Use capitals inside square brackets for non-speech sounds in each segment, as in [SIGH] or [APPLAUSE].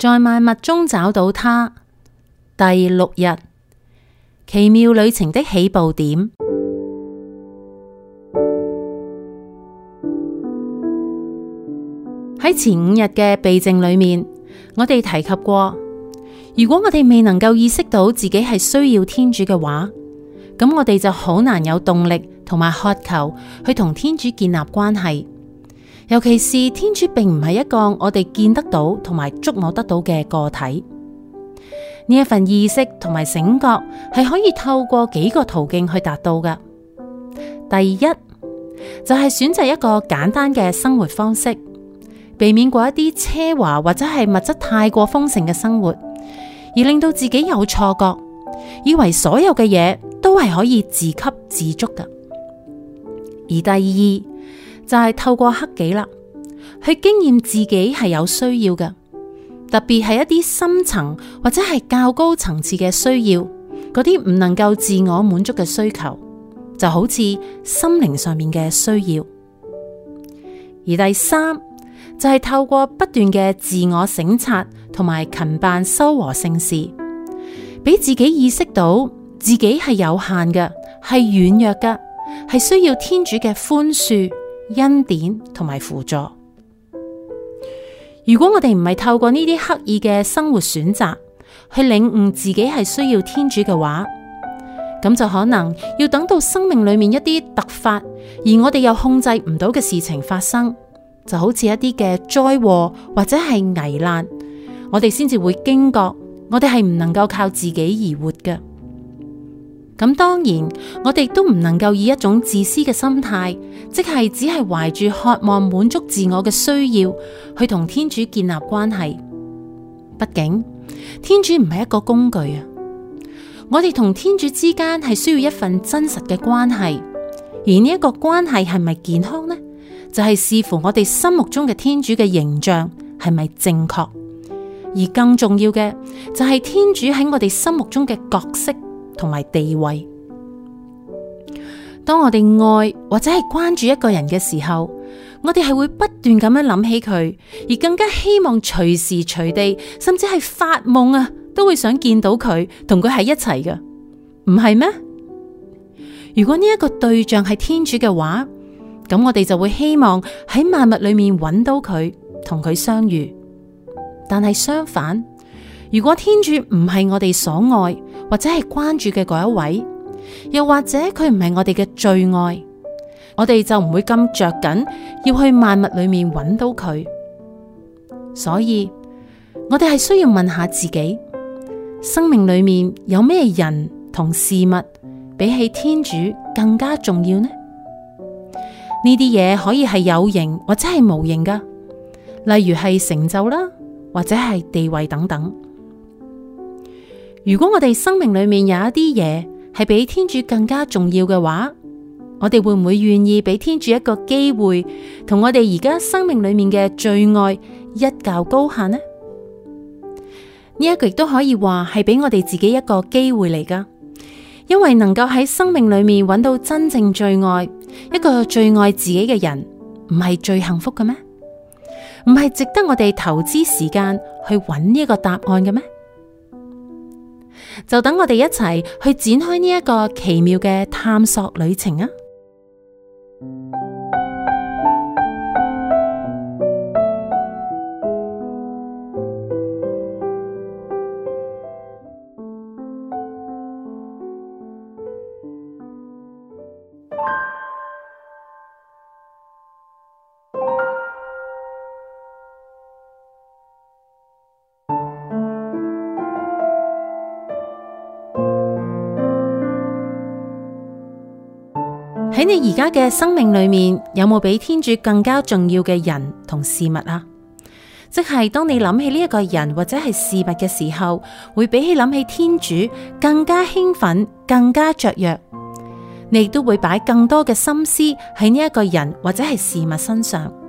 在萬物中找到祂。第六日，奇妙旅程的起步點。喺 [MUSIC] 前五日嘅避靜裏面，我哋提及過，如果我哋未能夠意識到自己係需要天主嘅話，咁我哋就好難有動力同埋渴求去同天主建立關係。尤其是天主並唔係一個我哋見得到同埋觸摸得到嘅個體，呢一份意識同埋醒覺係可以透過幾個途徑去達到嘅。第一就係、是、選擇一個簡單嘅生活方式，避免過一啲奢華或者係物質太過豐盛嘅生活，而令到自己有錯覺，以為所有嘅嘢都係可以自給自足嘅。而第二，就係透過克己啦，去經驗自己係有需要嘅，特別係一啲深層或者係較高層次嘅需要，嗰啲唔能夠自我滿足嘅需求，就好似心靈上面嘅需要。而第三就係、是、透過不斷嘅自我省察，同埋勤辦修和聖事，俾自己意識到自己係有限嘅，係軟弱嘅，係需要天主嘅寬恕。恩典同埋輔助。如果我哋唔係透過呢啲刻意嘅生活選擇去領悟自己係需要天主嘅話，咁就可能要等到生命裏面一啲突發，而我哋又控制唔到嘅事情發生，就好似一啲嘅災禍或者係危難，我哋先至會驚覺，我哋係唔能夠靠自己而活嘅。咁當然，我哋都唔能夠以一種自私嘅心態，即係只係懷住渴望滿足自我嘅需要去同天主建立關係。畢竟，天主唔係一個工具啊！我哋同天主之間係需要一份真實嘅關係，而呢一個關係係咪健康呢？就係視乎我哋心目中嘅天主嘅形象係咪正確，而更重要嘅就係天主喺我哋心目中嘅角色。同埋地位，當我哋愛或者係關注一個人嘅時候，我哋係會不斷咁樣諗起佢，而更加希望隨時隨地，甚至係發夢啊，都會想見到佢，同佢喺一齊嘅，唔係咩？如果呢一個對象係天主嘅話，咁我哋就會希望喺萬物裏面揾到佢，同佢相遇。但係相反，如果天主唔係我哋所愛。或者係關注嘅嗰一位，又或者佢唔係我哋嘅最愛，我哋就唔會咁着緊要去萬物裏面揾到佢。所以，我哋係需要問下自己，生命裏面有咩人同事物比起天主更加重要呢？呢啲嘢可以係有形或者係無形噶，例如係成就啦，或者係地位等等。如果我哋生命裏面有一啲嘢係比天主更加重要嘅話，我哋會唔會願意俾天主一個機會，同我哋而家生命裏面嘅最愛一較高下呢？呢一個亦都可以話係俾我哋自己一個機會嚟噶，因為能夠喺生命裏面揾到真正最愛一個最愛自己嘅人，唔係最幸福嘅咩？唔係值得我哋投資時間去揾呢一個答案嘅咩？就等我哋一齊去展開呢一個奇妙嘅探索旅程啊！喺你而家嘅生命裏面，有冇比天主更加重要嘅人同事物啊？即係當你諗起呢一個人或者係事物嘅時候，會比起諗起天主更加興奮、更加雀躍，你亦都會擺更多嘅心思喺呢一個人或者係事物身上。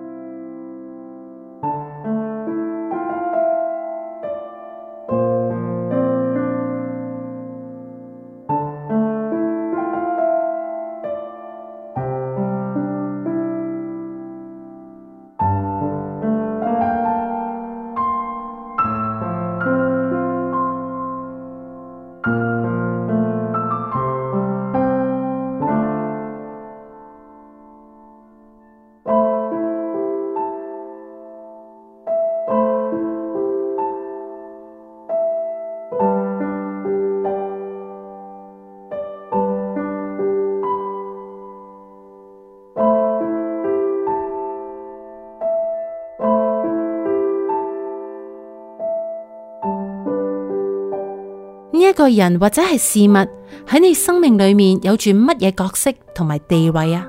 一個人或者係事物喺你生命裏面，有住乜嘢角色同埋地位啊？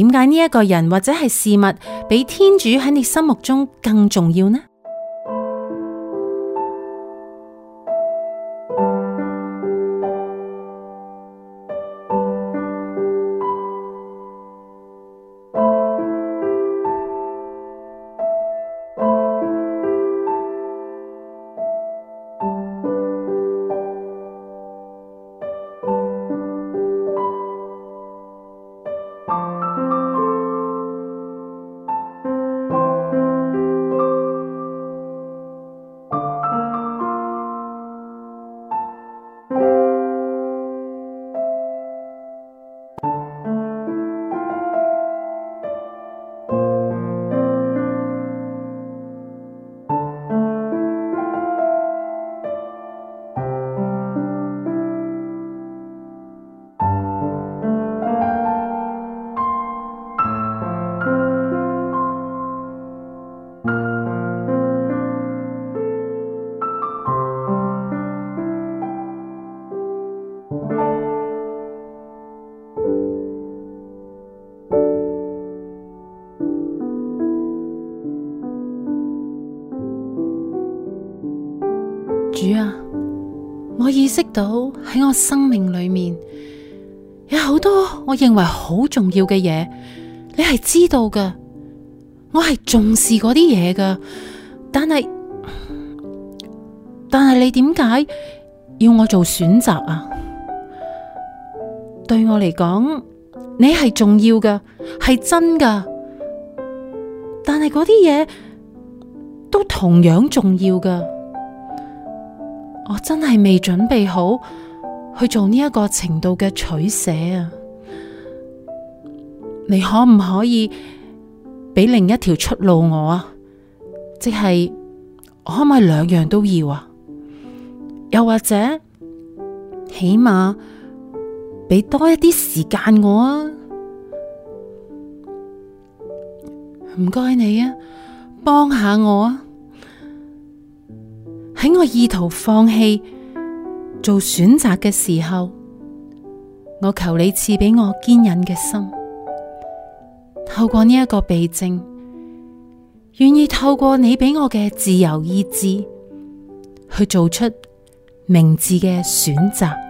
點解呢個人或者係事物比天主喺你心目中更重要呢？我意識到喺我生命裏面有好多我認為好重要嘅嘢，你係知道噶，我係重視嗰啲嘢噶，但係但係你點解要我做選擇啊？對我嚟講，你係重要噶，係真噶，但係嗰啲嘢都同樣重要噶。我真係未準備好去做呢一個程度嘅取捨啊！你可唔可以俾另一條出路我啊？即係我可唔可以兩樣都要啊？又或者起碼俾多一啲時間我啊？唔該你啊，幫下我啊！喺我意圖放棄做選擇嘅時候，我求你賜俾我堅忍嘅心，透過呢一個避靜，願意透過你俾我嘅自由意志，去做出明智嘅選擇。